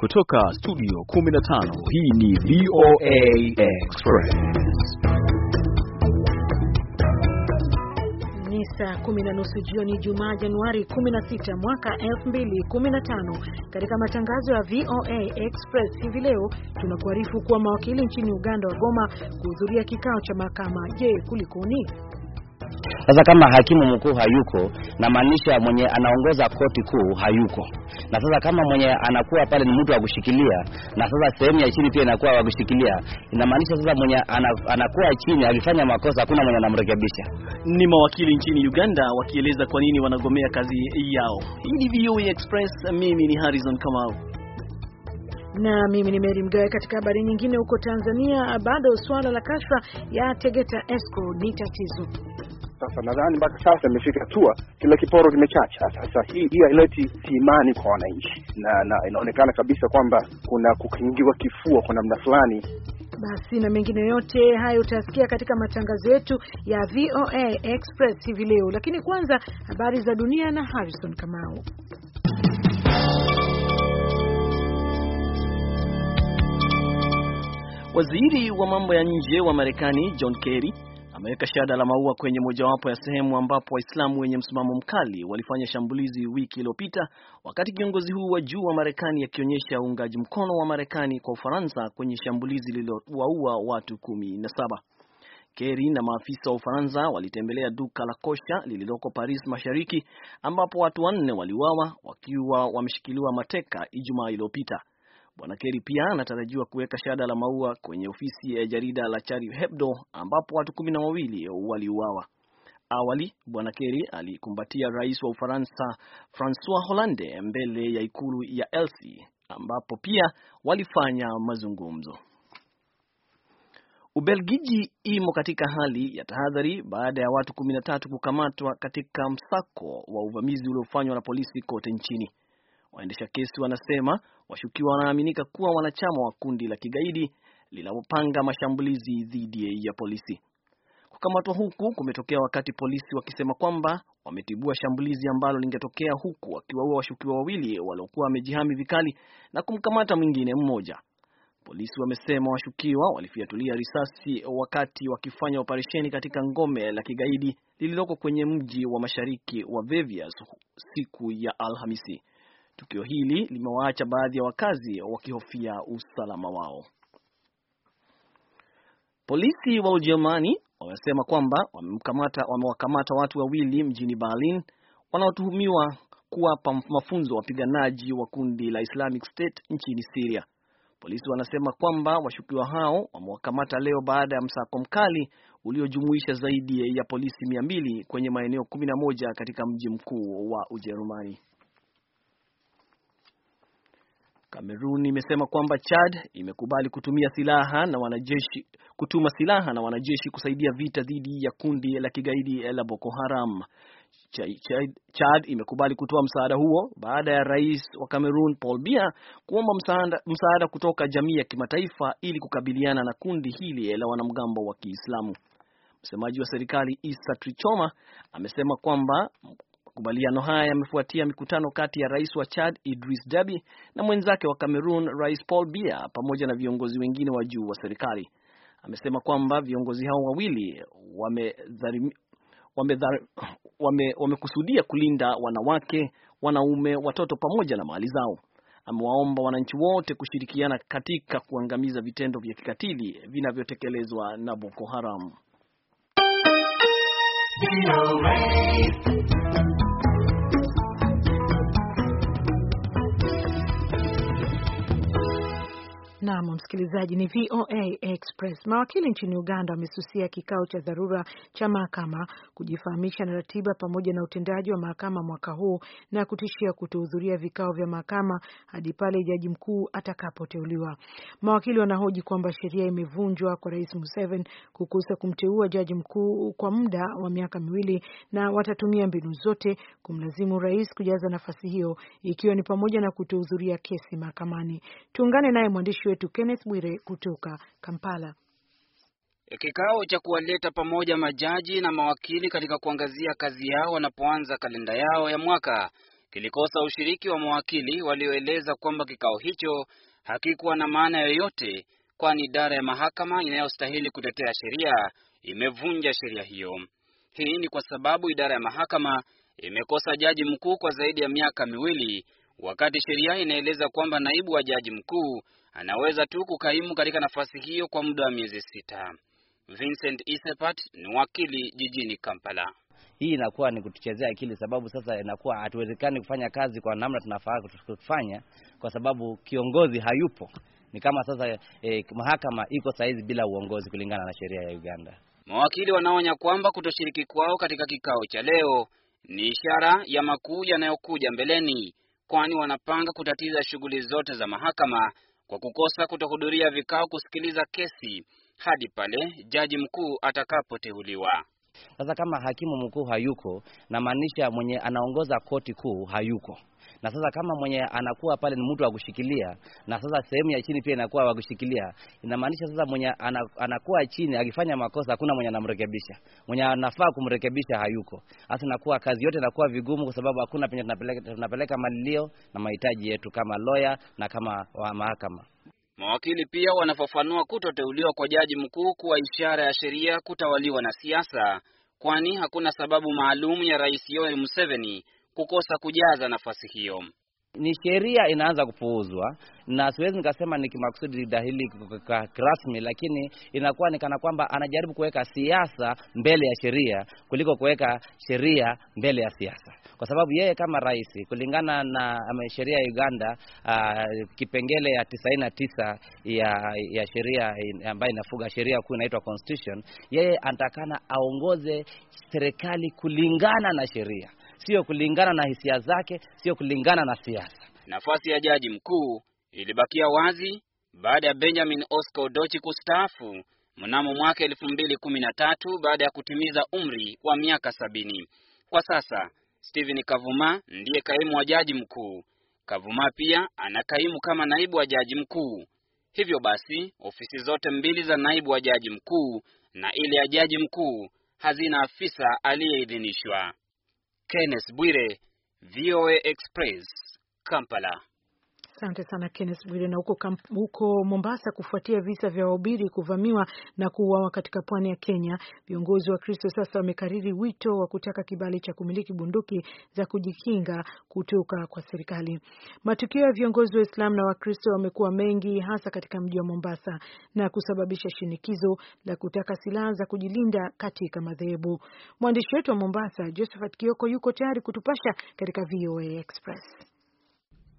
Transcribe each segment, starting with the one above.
Kutoka studio 15 hii ni VOA Express. Ni saa kumi na nusu jioni Ijumaa Januari 16 mwaka 2015. Katika matangazo ya VOA Express hivi leo tunakuarifu kuwa mawakili nchini Uganda wagoma kuhudhuria kikao cha mahakama. Je, kulikoni? Sasa kama hakimu mkuu hayuko, na maanisha mwenye anaongoza koti kuu hayuko, na sasa kama mwenye anakuwa pale ni mtu wa kushikilia, na sasa sehemu ya chini pia inakuwa wa kushikilia, inamaanisha sasa mwenye anakuwa chini akifanya makosa hakuna mwenye anamrekebisha. Ni mawakili nchini Uganda wakieleza kwa nini wanagomea kazi yao. Hii ni VOA Express, mimi ni Harrison Kamau na mimi ni mary Mgawe. Katika habari nyingine, huko Tanzania bado suala la kashfa ya Tegeta Escrow ni tatizo. Sasa nadhani mpaka sasa imefika hatua kila kiporo kimechacha. Sasa hii hii haileti imani kwa wananchi, na, na inaonekana kabisa kwamba kuna kukingiwa kifua kwa namna fulani. Basi na mengine yote hayo utasikia katika matangazo yetu ya VOA Express hivi leo, lakini kwanza habari za dunia na Harrison Kamau. Waziri wa mambo ya nje wa Marekani John Kerry ameweka shada la maua kwenye mojawapo ya sehemu ambapo Waislamu wenye msimamo mkali walifanya shambulizi wiki iliyopita, wakati kiongozi huu wa juu wa Marekani akionyesha uungaji mkono wa Marekani kwa Ufaransa kwenye shambulizi lililowaua watu kumi na saba. Kerry na maafisa wa Ufaransa walitembelea duka la kosha lililoko Paris Mashariki ambapo watu wanne waliuawa wakiwa wameshikiliwa mateka Ijumaa iliyopita. Bwana Kerry pia anatarajiwa kuweka shada la maua kwenye ofisi ya jarida la Charlie Hebdo ambapo watu kumi na wawili waliuawa. Awali Bwana Kerry alikumbatia rais wa Ufaransa Francois Hollande mbele ya ikulu ya Elysee ambapo pia walifanya mazungumzo. Ubelgiji imo katika hali ya tahadhari baada ya watu kumi na tatu kukamatwa katika msako wa uvamizi uliofanywa na polisi kote nchini. Waendesha kesi wanasema washukiwa wanaaminika kuwa wanachama wa kundi la kigaidi linalopanga mashambulizi dhidi ya polisi. Kukamatwa huku kumetokea wakati polisi wakisema kwamba wametibua shambulizi ambalo lingetokea huku wakiwaua washukiwa wawili waliokuwa wamejihami vikali na kumkamata mwingine mmoja. Polisi wamesema washukiwa walifiatulia risasi wakati wakifanya operesheni katika ngome la kigaidi lililoko kwenye mji wa mashariki wa Vevias siku ya Alhamisi. Tukio hili limewaacha baadhi ya wakazi wakihofia usalama wao. Polisi wa Ujerumani wamesema kwamba wamewakamata watu wawili mjini Berlin wanaotuhumiwa kuwapa mafunzo wapiganaji wa kundi la Islamic State nchini Syria. Polisi wanasema kwamba washukiwa hao wamewakamata leo baada ya msako mkali uliojumuisha zaidi ya polisi mia mbili kwenye maeneo 11 katika mji mkuu wa Ujerumani. Kamerun imesema kwamba Chad imekubali kutumia silaha na wanajeshi, kutuma silaha na wanajeshi kusaidia vita dhidi ya kundi la kigaidi la Boko Haram. Chad imekubali kutoa msaada huo baada ya rais wa Kamerun Paul Biya kuomba msaada, msaada kutoka jamii ya kimataifa ili kukabiliana na kundi hili la wanamgambo wa Kiislamu. Msemaji wa serikali Issa Trichoma amesema kwamba Makubaliano haya yamefuatia mikutano kati ya rais wa Chad Idris Deby na mwenzake wa Cameroon Rais Paul Biya pamoja na viongozi wengine wa juu wa serikali. Amesema kwamba viongozi hao wawili wamekusudia wame wame, wame kulinda wanawake, wanaume, watoto pamoja na mali zao. Amewaomba wananchi wote kushirikiana katika kuangamiza vitendo vya kikatili vinavyotekelezwa na Boko Haram. Naam, msikilizaji, ni VOA Express. Mawakili nchini Uganda wamesusia kikao cha dharura cha mahakama kujifahamisha na ratiba pamoja na utendaji wa mahakama mwaka huu na kutishia kutohudhuria vikao vya mahakama hadi pale jaji mkuu atakapoteuliwa. Mawakili wanahoji kwamba sheria imevunjwa kwa Rais Museveni kukosa kumteua jaji mkuu kwa muda wa miaka miwili, na watatumia mbinu zote kumlazimu rais kujaza nafasi hiyo, ikiwa ni pamoja na kutohudhuria kesi mahakamani. Tuungane naye mwandishi wetu Kenneth Bwire kutoka Kampala. Kikao cha kuwaleta pamoja majaji na mawakili katika kuangazia kazi yao wanapoanza kalenda yao ya mwaka kilikosa ushiriki wa mawakili walioeleza kwamba kikao hicho hakikuwa na maana yoyote, kwani idara ya mahakama inayostahili kutetea sheria imevunja sheria hiyo. Hii ni kwa sababu idara ya mahakama imekosa jaji mkuu kwa zaidi ya miaka miwili, wakati sheria inaeleza kwamba naibu wa jaji mkuu anaweza tu kukaimu katika nafasi hiyo kwa muda wa miezi sita. Vincent Isepat ni wakili jijini Kampala. Hii inakuwa ni kutuchezea akili, sababu sasa inakuwa hatuwezekani kufanya kazi kwa namna tunafaa kufanya, kwa sababu kiongozi hayupo. Ni kama sasa eh, mahakama iko saizi bila uongozi kulingana na sheria ya Uganda. Mawakili wanaonya kwamba kutoshiriki kwao katika kikao cha leo ni ishara ya makuu yanayokuja mbeleni, kwani wanapanga kutatiza shughuli zote za mahakama kwa kukosa kutohudhuria vikao kusikiliza kesi hadi pale jaji mkuu atakapoteuliwa. Sasa kama hakimu mkuu hayuko, namaanisha mwenye anaongoza koti kuu hayuko na sasa kama mwenye anakuwa pale ni mtu wa kushikilia, na sasa sehemu ya chini pia inakuwa wa kushikilia, inamaanisha sasa mwenye anakuwa chini akifanya makosa hakuna mwenye anamrekebisha, mwenye anafaa kumrekebisha hayuko. Hasa inakuwa kazi yote inakuwa vigumu, kwa sababu hakuna penye tunapeleka, tunapeleka malilio na mahitaji yetu kama lawyer na kama mahakama. Mawakili pia wanafafanua kutoteuliwa kwa jaji mkuu kuwa ishara ya sheria kutawaliwa na siasa, kwani hakuna sababu maalum ya Rais Yoweri Museveni kukosa kujaza nafasi hiyo. Ni sheria inaanza kupuuzwa, na siwezi nikasema ni kimakusudi dahili rasmi, lakini inakuwa ni kana kwamba anajaribu kuweka siasa mbele ya sheria kuliko kuweka sheria mbele ya siasa kwa sababu yeye kama rais, kulingana na sheria ya Uganda uh, kipengele ya 99 ya, ya sheria ambayo inafuga sheria kuu inaitwa constitution, yeye anatakana aongoze serikali kulingana na sheria, sio kulingana na hisia zake, sio kulingana na siasa. Nafasi ya jaji mkuu ilibakia wazi baada ya Benjamin Oscar Odochi kustaafu mnamo mwaka 2013 baada ya kutimiza umri wa miaka sabini. Kwa sasa Stephen Kavuma ndiye kaimu wa jaji mkuu. Kavuma pia ana kaimu kama naibu wa jaji mkuu. Hivyo basi, ofisi zote mbili za naibu wa jaji mkuu na ile ya jaji mkuu hazina afisa aliyeidhinishwa. Kenneth Bwire, VOA Express, Kampala. Asante sana Kenneth Bwire. Na huko, huko Mombasa, kufuatia visa vya wahubiri kuvamiwa na kuuawa katika pwani ya Kenya, viongozi wa Kristo sasa wamekariri wito wa kutaka kibali cha kumiliki bunduki za kujikinga kutoka kwa serikali. Matukio ya viongozi wa Islam na Wakristo wamekuwa mengi, hasa katika mji wa Mombasa na kusababisha shinikizo la kutaka silaha za kujilinda katika madhehebu. Mwandishi wetu wa Mombasa Josephat Kioko yuko tayari kutupasha katika VOA Express.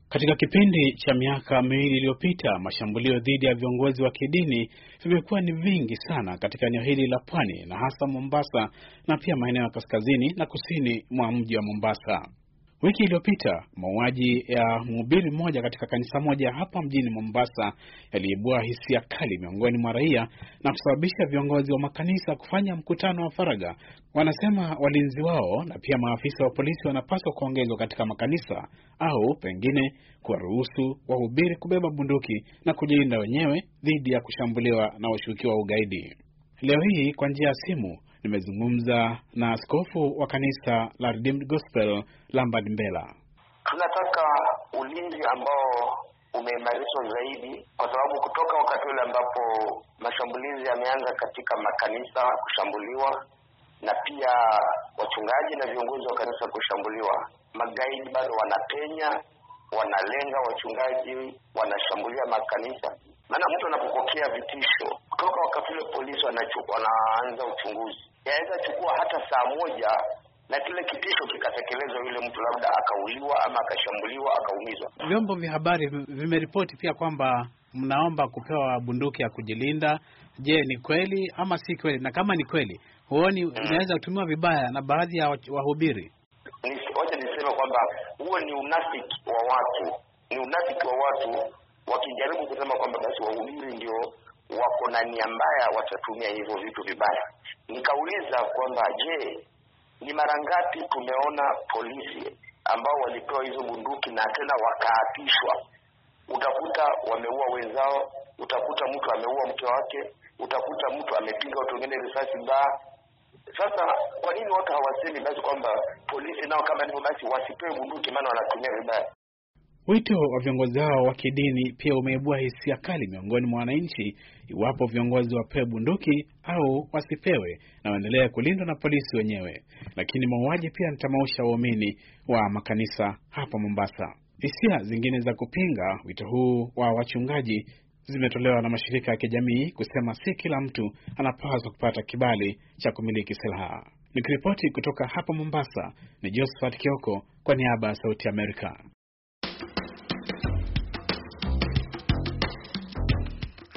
Katika kipindi cha miaka miwili iliyopita, mashambulio dhidi ya viongozi wa kidini vimekuwa ni vingi sana katika eneo hili la pwani na hasa Mombasa na pia maeneo ya kaskazini na kusini mwa mji wa Mombasa. Wiki iliyopita mauaji ya mhubiri mmoja katika kanisa moja hapa mjini Mombasa yaliibua hisia kali miongoni mwa raia na kusababisha viongozi wa makanisa kufanya mkutano wa faraga Wanasema walinzi wao na pia maafisa wa polisi wanapaswa kuongezwa katika makanisa au pengine kuwaruhusu wahubiri kubeba bunduki na kujilinda wenyewe dhidi ya kushambuliwa na washukiwa wa ugaidi. Leo hii kwa njia ya simu Nimezungumza na askofu wa kanisa la Redeemed Gospel Lambert Mbela. Tunataka ulinzi ambao umeimarishwa zaidi, kwa sababu kutoka wakati ule ambapo mashambulizi yameanza katika makanisa kushambuliwa na pia wachungaji na viongozi wa kanisa kushambuliwa, magaidi bado wanapenya, wanalenga wachungaji, wanashambulia makanisa. Maana mtu anapopokea vitisho kutoka wakati ule, polisi wanaanza uchunguzi yaweza chukua hata saa moja na kile kitisho kikatekelezwa, yule mtu labda akauliwa ama akashambuliwa akaumizwa. Vyombo vya habari vimeripoti pia kwamba mnaomba kupewa bunduki ya kujilinda. Je, ni kweli ama si kweli? Na kama ni kweli, huoni mm. inaweza kutumiwa vibaya na baadhi ya wahubiri? Wacha niseme kwamba huo ni unafiki wa watu, ni unafiki wa watu wakijaribu kusema kwamba basi wahubiri ndio wako na nia mbaya, watatumia hivyo vitu vibaya. Nikauliza kwamba je, ni mara ngapi tumeona polisi ambao walipewa hizo bunduki na tena wakaapishwa? Utakuta wameua wenzao, utakuta mtu ameua mke wake, utakuta mtu amepiga watu wengine risasi mbaya. Sasa kwa nini watu hawasemi basi kwamba polisi nao kama hivyo basi wasipewe bunduki, maana wanatumia vibaya? Wito wa viongozi hao wa kidini pia umeibua hisia kali miongoni mwa wananchi iwapo viongozi wapewe bunduki au wasipewe na waendelee kulindwa na polisi wenyewe. Lakini mauaji pia nitamausha waumini wa makanisa hapa Mombasa. Hisia zingine za kupinga wito huu wa wachungaji zimetolewa na mashirika ya kijamii kusema si kila mtu anapaswa kupata kibali cha kumiliki silaha. Nikiripoti kutoka hapa Mombasa ni Josephat Kioko kwa niaba ya Sauti Amerika.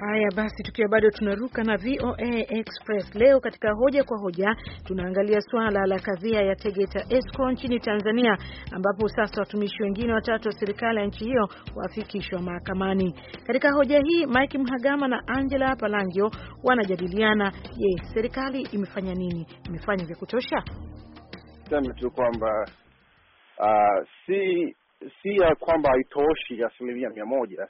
Haya basi, tukiwa bado tunaruka na VOA Express leo, katika hoja kwa hoja tunaangalia swala la kadhia ya Tegeta Escrow nchini Tanzania, ambapo sasa watumishi wengine watatu wa serikali ya nchi hiyo wafikishwa mahakamani. Katika hoja hii, Mike Mhagama na Angela Palangio wanajadiliana, je, serikali imefanya nini? Imefanya vya kutosha? Sema tu kwamba uh, si si ya kwamba haitoshi asilimia mia moja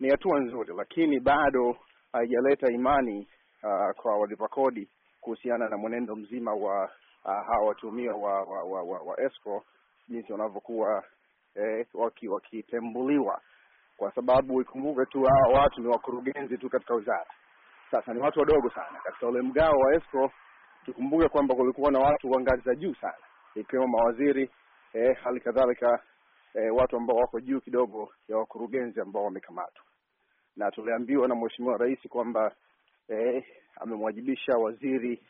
ni hatua nzuri, lakini bado haijaleta imani uh, kwa walipa kodi kuhusiana na mwenendo mzima wa uh, hawa watumia wa, wa, wa, wa, wa escrow jinsi wanavyokuwa eh, wakitembuliwa waki kwa sababu ikumbuke tu hawa watu ni wakurugenzi tu katika wizara. Sasa ni watu wadogo sana katika ule mgao wa escrow. Tukumbuke kwamba kulikuwa na watu wa ngazi za juu sana ikiwemo mawaziri eh, hali kadhalika eh, watu ambao wako juu kidogo ya wakurugenzi ambao wamekamatwa na tuliambiwa na Mheshimiwa Rais kwamba eh, amemwajibisha waziri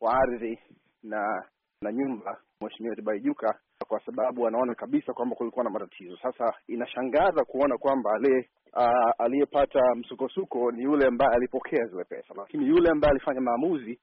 wa ardhi na na nyumba Mheshimiwa Tibaijuka kwa sababu anaona kabisa kwamba kulikuwa na matatizo. Sasa inashangaza kuona kwamba aliyepata msukosuko ni yule ambaye alipokea zile pesa, lakini yule ambaye alifanya maamuzi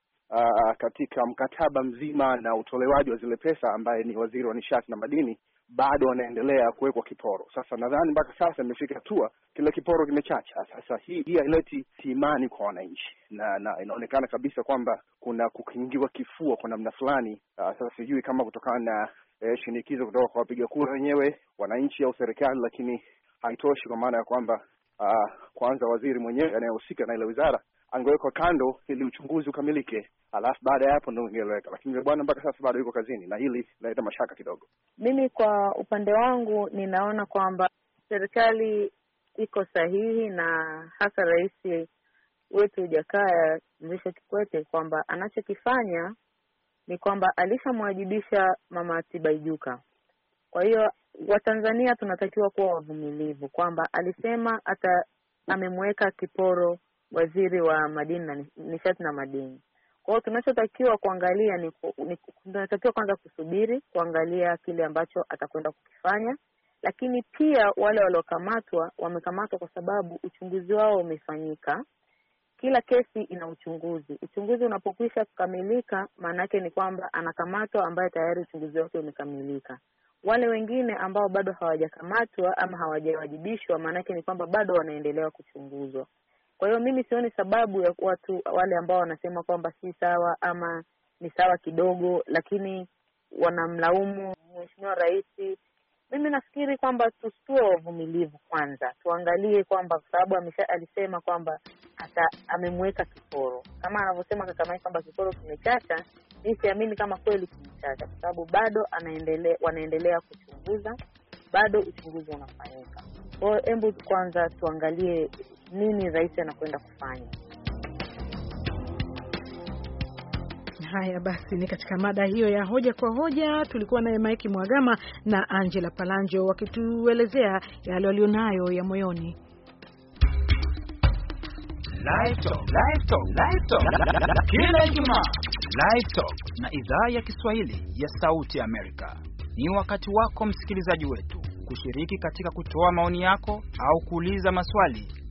katika mkataba mzima na utolewaji wa zile pesa ambaye ni waziri wa nishati na madini bado wanaendelea kuwekwa kiporo. Sasa nadhani mpaka sasa imefika hatua kile kiporo kimechacha. Sasa hii hii haileti imani kwa wananchi, na na inaonekana kabisa kwamba kuna kukingiwa kifua kwa namna fulani. Ah, sasa sijui kama kutokana na eh, shinikizo kutoka kwa wapiga kura wenyewe, wananchi au serikali, lakini haitoshi kwa maana ya kwamba ah, kwanza waziri mwenyewe anayehusika na ile wizara angewekwa kando ili uchunguzi ukamilike, alafu baada ya hapo ndo ingeleweka. Lakini yule bwana mpaka sasa bado yuko kazini, na hili linaleta mashaka kidogo. Mimi kwa upande wangu ninaona kwamba serikali iko sahihi na hasa rais wetu Jakaya Mrisho Kikwete kwamba anachokifanya ni kwamba alishamwajibisha mama Tibaijuka. Kwa hiyo Watanzania tunatakiwa kuwa wavumilivu, kwamba alisema ata amemweka kiporo waziri wa madini na nishati na madini. Kwa hiyo tunachotakiwa kuangalia ni, ni tunatakiwa kwanza kusubiri kuangalia kile ambacho atakwenda kukifanya, lakini pia wale waliokamatwa wamekamatwa kwa sababu uchunguzi wao umefanyika. Kila kesi ina uchunguzi. Uchunguzi unapokwisha kukamilika, maana yake ni kwamba anakamatwa ambaye tayari uchunguzi wake umekamilika. Wale wengine ambao bado hawajakamatwa ama hawajawajibishwa, maana yake ni kwamba bado wanaendelea kuchunguzwa. Kwa hiyo mimi sioni sababu ya watu wale ambao wanasema kwamba si sawa ama ni sawa kidogo, lakini wanamlaumu mheshimiwa rais. Mimi nafikiri kwamba tusitue wavumilivu kwanza, tuangalie kwamba kwa sababu alisema kwamba amemweka kiporo, kama anavyosema Kakamai kwamba kiporo kimechacha. Mi siamini kama kweli kimechacha, kwa sababu bado wanaendelea kuchunguza, bado uchunguzi unafanyika. Kwa hiyo hebu kwanza tuangalie nini rais anakwenda kufanya. Haya basi, ni katika mada hiyo ya hoja kwa hoja, tulikuwa naye Mike Mwagama na Angela Palanjo wakituelezea yale walionayo ya moyoni. Kila Ijumaa Live Talk na idhaa ya Kiswahili ya Sauti ya Amerika, ni wakati wako msikilizaji wetu kushiriki katika kutoa maoni yako au kuuliza maswali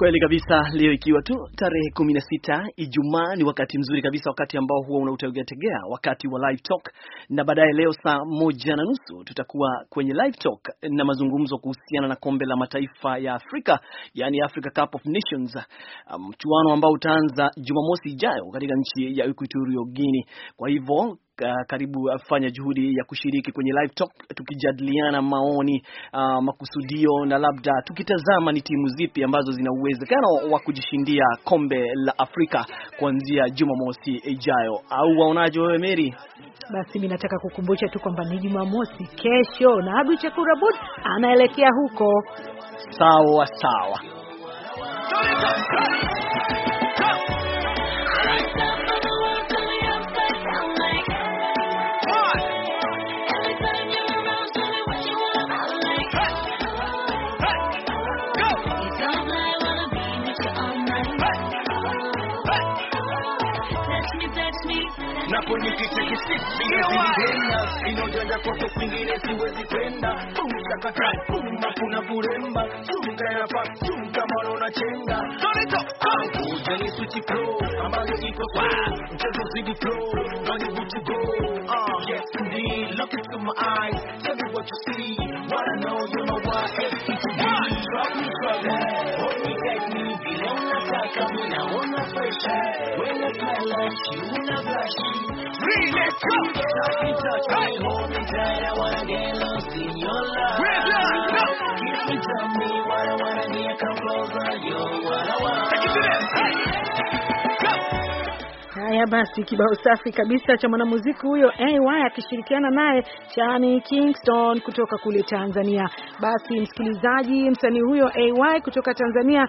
Kweli kabisa. Leo ikiwa tu tarehe 16 Ijumaa, ni wakati mzuri kabisa, wakati ambao huwa unautegeategea wakati wa live talk, na baadaye leo saa moja na nusu tutakuwa kwenye live talk na mazungumzo kuhusiana na kombe la mataifa ya Afrika, yani Africa Cup of Nations, um, mchuano um, ambao utaanza Jumamosi ijayo katika nchi ya Equatorial Guinea. Kwa hivyo Uh, karibu afanya juhudi ya kushiriki kwenye live talk, tukijadiliana maoni uh, makusudio na labda tukitazama ni timu zipi ambazo zina uwezekano wa kujishindia kombe la Afrika kuanzia Jumamosi ijayo, au waonaje wewe Mary? Basi mimi nataka kukumbusha tu kwamba ni Jumamosi kesho, na Abdu Shakur Abud anaelekea huko. Sawa sawa. Kenya inojanja kote kwingine siwezipenda umchakata umma kuna kuremba chunga chunga kuja ni pro iko kwa mchezo zigi pro go uh, yes indeed look into my eyes tell me what you see what I know you it's to be drop me drop that. I una una fresh. When I smell like you, una blush. Read it, come. Stop in touch, hey. hold me tight. I wanna get lost in your love. We're done, no. Kiss tell me what I wanna hear. Come closer, you're what I want. Take it to them, hey. Haya basi, kibao safi kabisa cha mwanamuziki huyo AY akishirikiana naye Chani Kingston kutoka kule Tanzania. Basi msikilizaji, msanii huyo AY kutoka Tanzania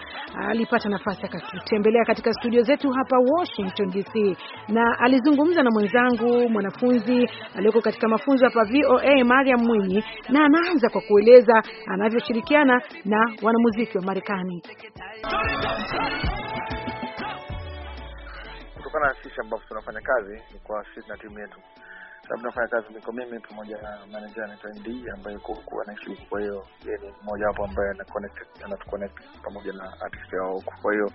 alipata nafasi akatutembelea katika studio zetu hapa Washington DC, na alizungumza na mwenzangu mwanafunzi aliyoko katika mafunzo hapa VOA, Mariam Mwinyi, na anaanza kwa kueleza anavyoshirikiana na wanamuziki wa Marekani kutokana na sisi ambao tunafanya kazi ni kwa sisi na timu yetu, sababu tunafanya kazi niko mimi pamoja na manager anaitwa ND ambaye yuko huku anaishi huku, kwa hiyo yeye ni mmoja wapo ambaye ana connect anatuconnect pamoja na artist yao huku. Kwa hiyo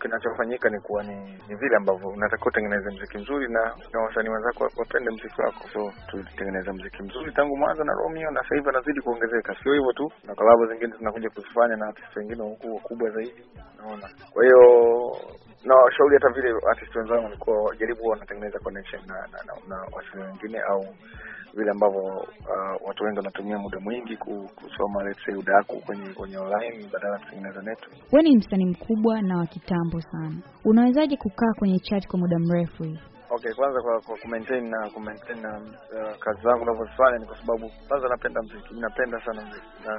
kinachofanyika ni kuwa ni, ni vile ambavyo unatakiwa utengeneze mziki mzuri na na wasanii wenzako wapende mziki wako, so tulitengeneza mziki mzuri tangu mwanzo na Romeo, na sasa hivi anazidi kuongezeka. Sio hivyo tu, na kalabu zingine tunakuja kuzifanya na artist wengine huku wakubwa zaidi, naona. Kwa hiyo na washauri hata vile artist wenzangu walikuwa wajaribu wanatengeneza connection na na, na, na wasanii wengine au vile ambavyo uh, watu wengi wanatumia muda mwingi kusoma let's say udaku kwenye kwenye online badala ya kutengeneza network. Wewe ni msanii mkubwa na wa kitambo sana, unawezaje kukaa kwenye chat kwa muda mrefu hivi? Okay, kwanza kwa, kwa kumaintain na kumaintain na uh, kazi zangu navyozifanya ni kwa sababu kwanza napenda mziki, napenda sana mziki na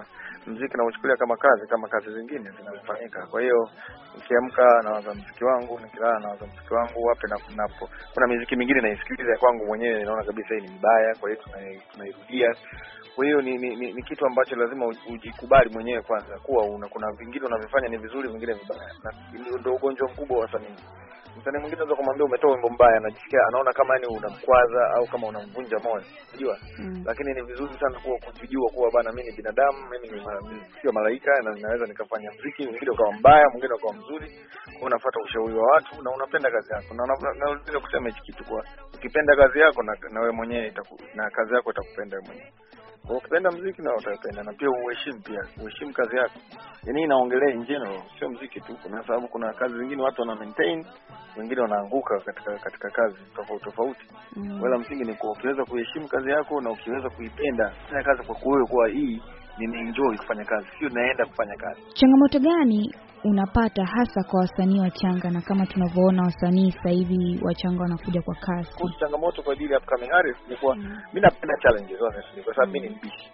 mziki nauchukulia kama kazi kama kazi zingine zinazofanyika. Kwa hiyo nikiamka nawaza mziki wangu, nikilala nawaza mziki wangu, wapi na kunapo. Kuna miziki mingine naisikiliza kwangu mwenyewe, naona kabisa hii ni mbaya, kwa hiyo tunairudia. Kwa hiyo ni, ni, ni, ni kitu ambacho lazima ujikubali mwenyewe kwanza kuwa una, kuna vingine unavyofanya ni vizuri, vingine vibaya, na ndio ugonjwa mkubwa wa wasanii Msanii mwingine unaweza kumwambia umetoa wimbo mbaya, anajisikia anaona kama yani unamkwaza au kama unamvunja moyo, unajua mm. Lakini ni vizuri sana kuwa kujijua kuwa bana, mimi ni binadamu, mimi sio malaika, na ninaweza nikafanya mziki mwingine ukawa mbaya, mwingine ukawa mzuri. Unafuata ushauri wa watu na unapenda kazi yako, na unaweza kusema hichi kitu kwa ukipenda kazi yako na, na wewe mwenyewe na kazi yako itakupenda wewe mwenyewe. Kwa ukipenda mziki na utaipenda, na pia uheshimu, pia uheshimu kazi yako. Yaani inaongelea in general, sio mziki tu, kwa sababu kuna kazi zingine watu wana maintain, wengine wanaanguka katika katika kazi tofauti tofauti. Mm. Wala msingi ni kwa ukiweza kuheshimu kazi yako na ukiweza kuipenda, fanya kazi kwa kuwe kwa hii ninaenjoy kufanya kazi, sio naenda kufanya kazi. Changamoto gani unapata hasa kwa wasanii wachanga? Na kama tunavyoona wasanii sasa hivi wachanga wanakuja kwa kasi, changamoto kwa ajili ya upcoming artist ni kuwa mm. mi napenda challenges honestly, kwa sababu mi ni mbishi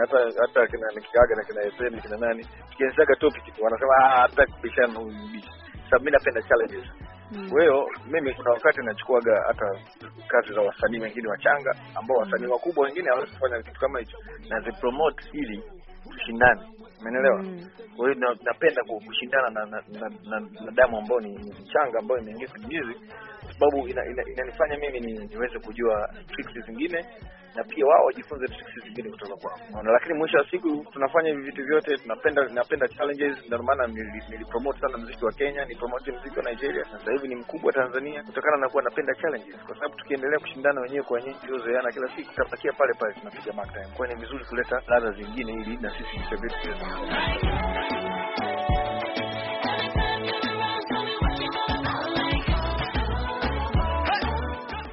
hata hata kina Mikaaga na kina FM kina nani, tukianzaga topic tu wanasema ah, hata kubishana huyu mbishi. Sababu mi napenda challenges Mm. Kwa hiyo mimi kuna wakati nachukuaga hata kazi za wasanii wengine wachanga ambao wasanii wakubwa wengine hawawezi kufanya kitu kama hicho, nazipromote ili tushindane, umeelewa? Mm. Kwa hiyo napenda kushindana na na, damu ambayo ni changa ambayo imeingia kwenye sababu inanifanya ina, ina mimi niweze kujua tricks zingine na pia wao wajifunze tricks zingine kutoka kwao, unaona. Lakini mwisho wa siku tunafanya hivi vitu vyote, tunapenda napenda challenges, ndio maana nilipromote sana muziki wa Kenya, ni promote muziki wa Nigeria, sasa hivi ni mkubwa Tanzania, kutokana na kuwa napenda challenges, kwa sababu tukiendelea kushindana wenyewe kwa wenyewe tuliozoeana kila siku tutapakia pale pale tunapiga mark time. Kwa ni vizuri kuleta ladha zingine ili na sisi tuweze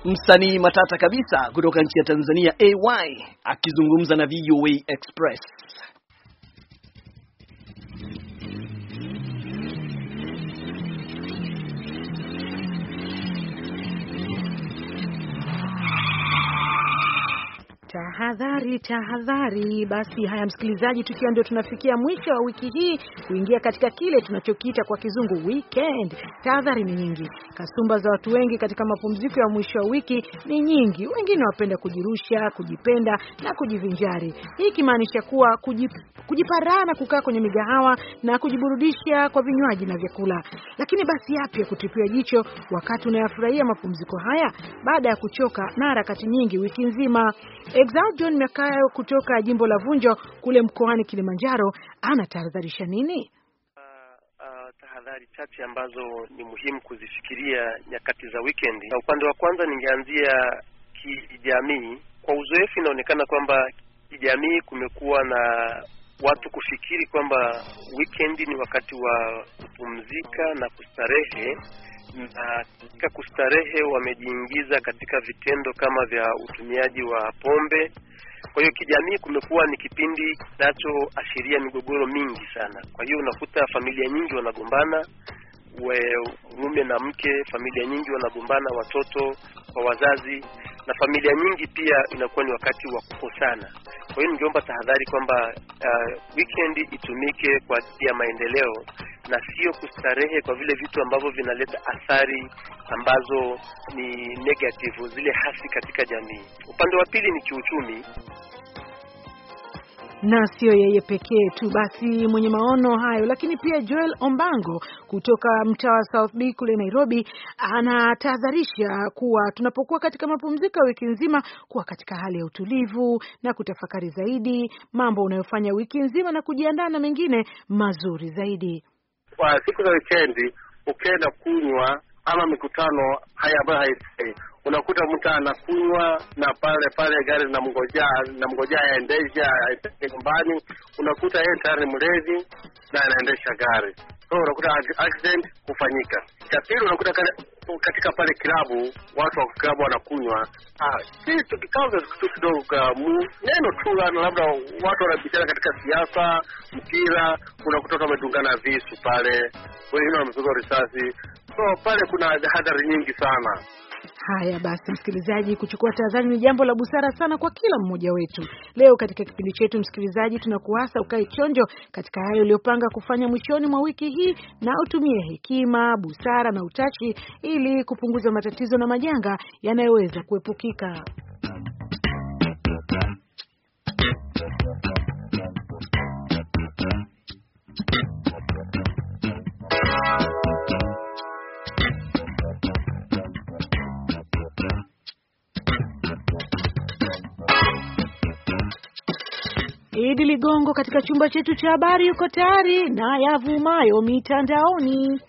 Msanii matata kabisa kutoka nchi ya Tanzania AY akizungumza na VOA Express. Tahadhari, tahadhari. Basi haya, msikilizaji, tukiwa ndio tunafikia mwisho wa wiki hii kuingia katika kile tunachokiita kwa kizungu weekend. Tahadhari ni nyingi, kasumba za watu wengi katika mapumziko ya mwisho wa wiki ni nyingi. Wengine wapenda kujirusha, kujipenda na kujivinjari, hii ikimaanisha kuwa kujip, kujiparaa na kukaa kwenye migahawa na kujiburudisha kwa vinywaji na vyakula. Lakini basi yapi ya kutupia jicho wakati unayafurahia mapumziko haya baada ya kuchoka na harakati nyingi wiki nzima? Exaud John Makayo kutoka jimbo la Vunjo kule mkoani Kilimanjaro anatahadharisha nini? Uh, uh, tahadhari chache ambazo ni muhimu kuzifikiria nyakati za weekend. Na upande wa kwanza, ningeanzia kijamii. Kwa uzoefu, inaonekana kwamba kijamii kumekuwa na watu kufikiri kwamba weekend ni wakati wa kupumzika na kustarehe na katika kustarehe wamejiingiza katika vitendo kama vya utumiaji wa pombe. Kwa hiyo kijamii, kumekuwa ni kipindi kinachoashiria migogoro mingi sana. Kwa hiyo unakuta familia nyingi wanagombana, we mume na mke, familia nyingi wanagombana, watoto kwa wazazi, na familia nyingi pia inakuwa ni wakati wa kukosana. Kwa hiyo ningeomba tahadhari kwamba uh, weekend itumike kwa ajili ya maendeleo na sio kustarehe kwa vile vitu ambavyo vinaleta athari ambazo ni negative, zile hasi katika jamii. Upande wa pili ni kiuchumi na siyo yeye pekee tu basi mwenye maono hayo, lakini pia Joel Ombango kutoka mtaa wa South B kule Nairobi anatahadharisha kuwa tunapokuwa katika mapumziko ya wiki nzima, kuwa katika hali ya utulivu na kutafakari zaidi mambo unayofanya wiki nzima na kujiandaa na mengine mazuri zaidi kwa siku za wikendi ukienda kunywa ama mikutano haya ambayo haifai, unakuta mtu anakunywa na pale pale gari linamngojea linamngojea aendesha aipeke nyumbani, unakuta yeye tayari ni mlezi na anaendesha gari, so unakuta accident kufanyika. Cha pili unakuta katika pale kilabu watu wa kilabu wanakunywa. Ah, si tukikaza kitu kidogo neno tu, labda watu wanabishana katika siasa, mpira, kuna kutoka wametungana visu pale, wengine wamepigwa risasi, so pale kuna hadhari nyingi sana. Haya basi, msikilizaji, kuchukua tahadhari ni jambo la busara sana kwa kila mmoja wetu. Leo katika kipindi chetu, msikilizaji, tunakuasa ukae chonjo katika yale uliyopanga kufanya mwishoni mwa wiki hii, na utumie hekima, busara na utashi ili kupunguza matatizo na majanga yanayoweza kuepukika. Idi Ligongo katika chumba chetu cha habari yuko tayari na yavumayo mitandaoni.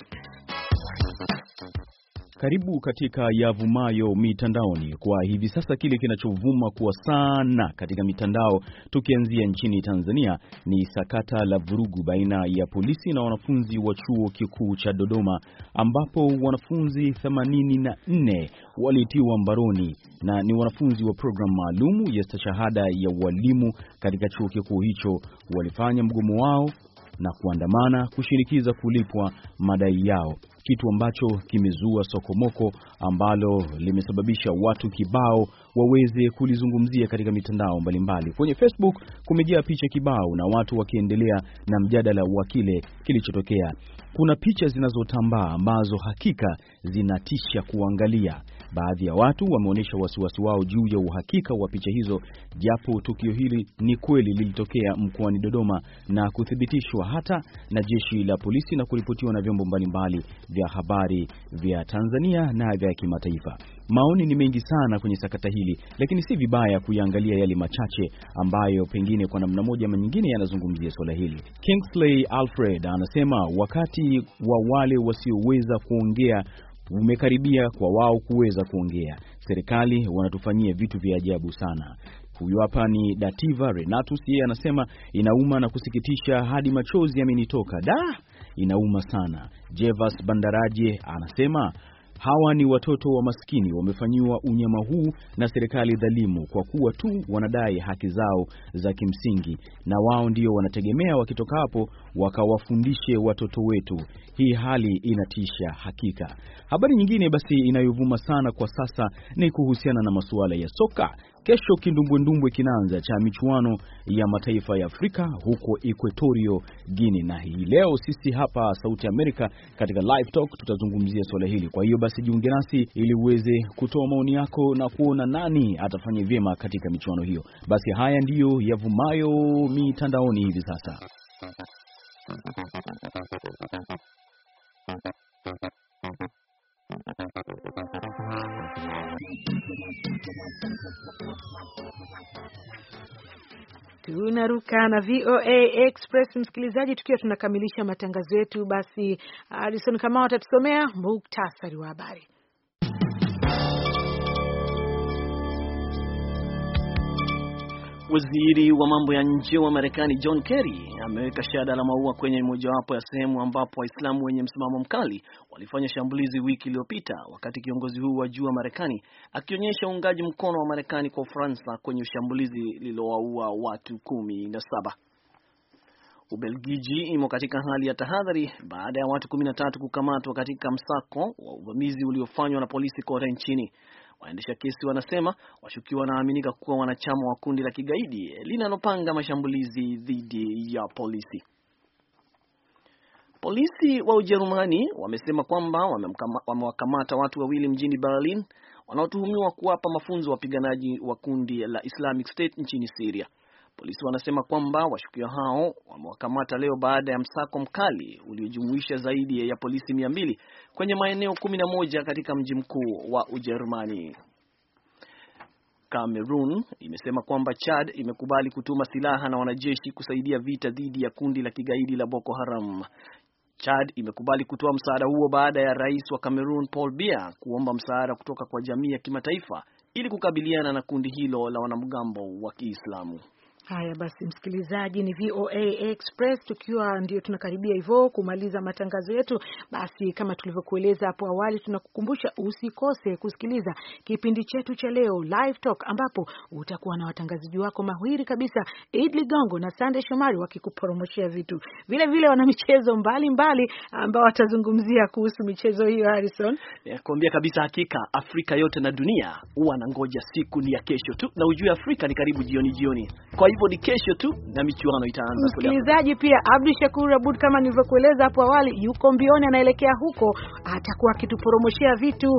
Karibu katika yavumayo mitandaoni. Kwa hivi sasa, kile kinachovuma kwa sana katika mitandao, tukianzia nchini Tanzania, ni sakata la vurugu baina ya polisi na wanafunzi wa chuo kikuu cha Dodoma, ambapo wanafunzi 84 walitiwa mbaroni na ni wanafunzi wa programu maalum ya stashahada ya ualimu katika chuo kikuu hicho. Walifanya mgomo wao na kuandamana kushinikiza kulipwa madai yao, kitu ambacho kimezua sokomoko ambalo limesababisha watu kibao waweze kulizungumzia katika mitandao mbalimbali. Kwenye Facebook kumejaa picha kibao na watu wakiendelea na mjadala wa kile kilichotokea. Kuna picha zinazotambaa ambazo hakika zinatisha kuangalia. Baadhi ya watu wameonyesha wasiwasi wao juu ya uhakika wa picha hizo, japo tukio hili ni kweli lilitokea mkoani Dodoma na kuthibitishwa hata na jeshi la polisi na kuripotiwa na vyombo mbalimbali vya habari vya Tanzania na vya kimataifa. Maoni ni mengi sana kwenye sakata hili, lakini si vibaya kuyaangalia yale machache ambayo pengine kwa namna moja ama nyingine yanazungumzia suala hili. Kingsley Alfred anasema wakati wa wale wasioweza kuongea umekaribia kwa wao kuweza kuongea. Serikali wanatufanyia vitu vya ajabu sana. Huyu hapa ni Dativa Renatus, yeye anasema inauma na kusikitisha hadi machozi yamenitoka. Da, inauma sana. Jevas Bandaraje anasema Hawa ni watoto wa maskini wamefanyiwa unyama huu na serikali dhalimu, kwa kuwa tu wanadai haki zao za kimsingi, na wao ndio wanategemea wakitoka hapo wakawafundishe watoto wetu. Hii hali inatisha hakika. Habari nyingine basi inayovuma sana kwa sasa ni kuhusiana na masuala ya soka Kesho kindumbwendumbwe kinaanza cha michuano ya mataifa ya Afrika huko Equatorio Guinea, na hii leo sisi hapa Sauti Amerika katika Live Talk tutazungumzia suala hili. Kwa hiyo basi jiunge nasi ili uweze kutoa maoni yako na kuona nani atafanya vyema katika michuano hiyo. Basi haya ndiyo yavumayo mitandaoni hivi sasa. Tunaruka na VOA Express, msikilizaji, tukiwa tunakamilisha matangazo yetu. Basi Alison Kamau atatusomea muktasari wa habari. Waziri wa mambo ya nje wa Marekani John Kerry ameweka shada la maua kwenye mojawapo ya sehemu ambapo Waislamu wenye msimamo mkali walifanya shambulizi wiki iliyopita, wakati kiongozi huu wa juu wa Marekani akionyesha uungaji mkono wa Marekani kwa Ufaransa kwenye shambulizi lililowaua watu kumi na saba. Ubelgiji imo katika hali ya tahadhari baada ya watu 13 kukamatwa katika msako wa uvamizi uliofanywa na polisi kote nchini. Waendesha kesi wanasema washukiwa wanaaminika kuwa wanachama wa kundi la kigaidi linalopanga mashambulizi dhidi ya polisi. Polisi wa Ujerumani wamesema kwamba wamewakamata watu wawili mjini Berlin wanaotuhumiwa kuwapa mafunzo wapiganaji wa kundi la Islamic State nchini Syria. Polisi wanasema kwamba washukiwa hao wamewakamata leo baada ya msako mkali uliojumuisha zaidi ya polisi mia mbili kwenye maeneo kumi na moja katika mji mkuu wa Ujerumani. Cameroon imesema kwamba Chad imekubali kutuma silaha na wanajeshi kusaidia vita dhidi ya kundi la kigaidi la Boko Haram. Chad imekubali kutoa msaada huo baada ya rais wa Cameroon Paul Biya kuomba msaada kutoka kwa jamii ya kimataifa ili kukabiliana na kundi hilo la wanamgambo wa Kiislamu. Haya basi, msikilizaji, ni VOA Express, tukiwa ndio tunakaribia hivyo kumaliza matangazo yetu. Basi kama tulivyokueleza hapo awali, tunakukumbusha usikose kusikiliza kipindi chetu cha leo Live Talk, ambapo utakuwa na watangazaji wako mahiri kabisa Id Ligongo na Sande Shomari wakikuporomoshea vitu. Vile vile wana michezo mbalimbali ambao watazungumzia kuhusu michezo hiyo. Harrison, kuambia kabisa, hakika Afrika yote na dunia huwa na ngoja siku ni ya kesho tu, na ujue Afrika ni karibu jioni jioni kwa hivyo ni kesho tu na michuano itaanza. Msikilizaji, pia Abdu Shakur Abud, kama nilivyokueleza hapo awali, yuko mbioni, anaelekea huko, atakuwa akituporomoshea vitu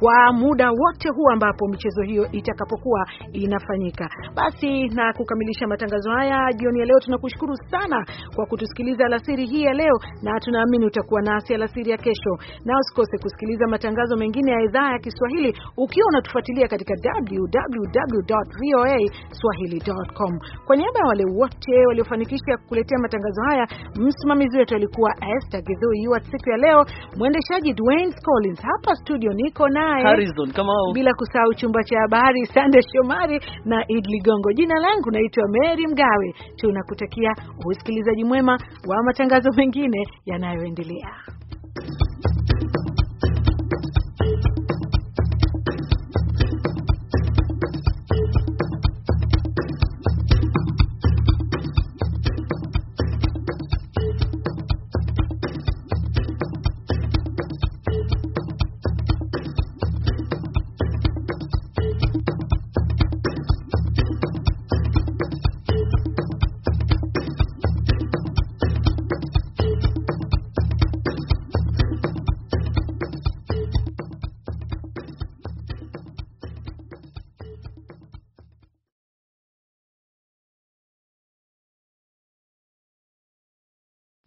kwa muda wote huu ambapo michezo hiyo itakapokuwa inafanyika. Basi na kukamilisha matangazo haya jioni ya leo, tunakushukuru sana kwa kutusikiliza alasiri hii ya leo, na tunaamini utakuwa nasi alasiri ya kesho, na usikose kusikiliza matangazo mengine ya idhaa ya Kiswahili ukiwa unatufuatilia katika www.voaswahili.com. Kwa niaba ya wale wote waliofanikisha kukuletea matangazo haya, msimamizi wetu alikuwa Esther Githui siku ya leo, mwendeshaji Dwayne Collins, hapa studio niko naye Harrison Kamau, bila kusahau chumba cha habari Sande Shomari na Id Ligongo. Jina langu naitwa Mary Mgawe, tunakutakia usikilizaji mwema wa matangazo mengine yanayoendelea.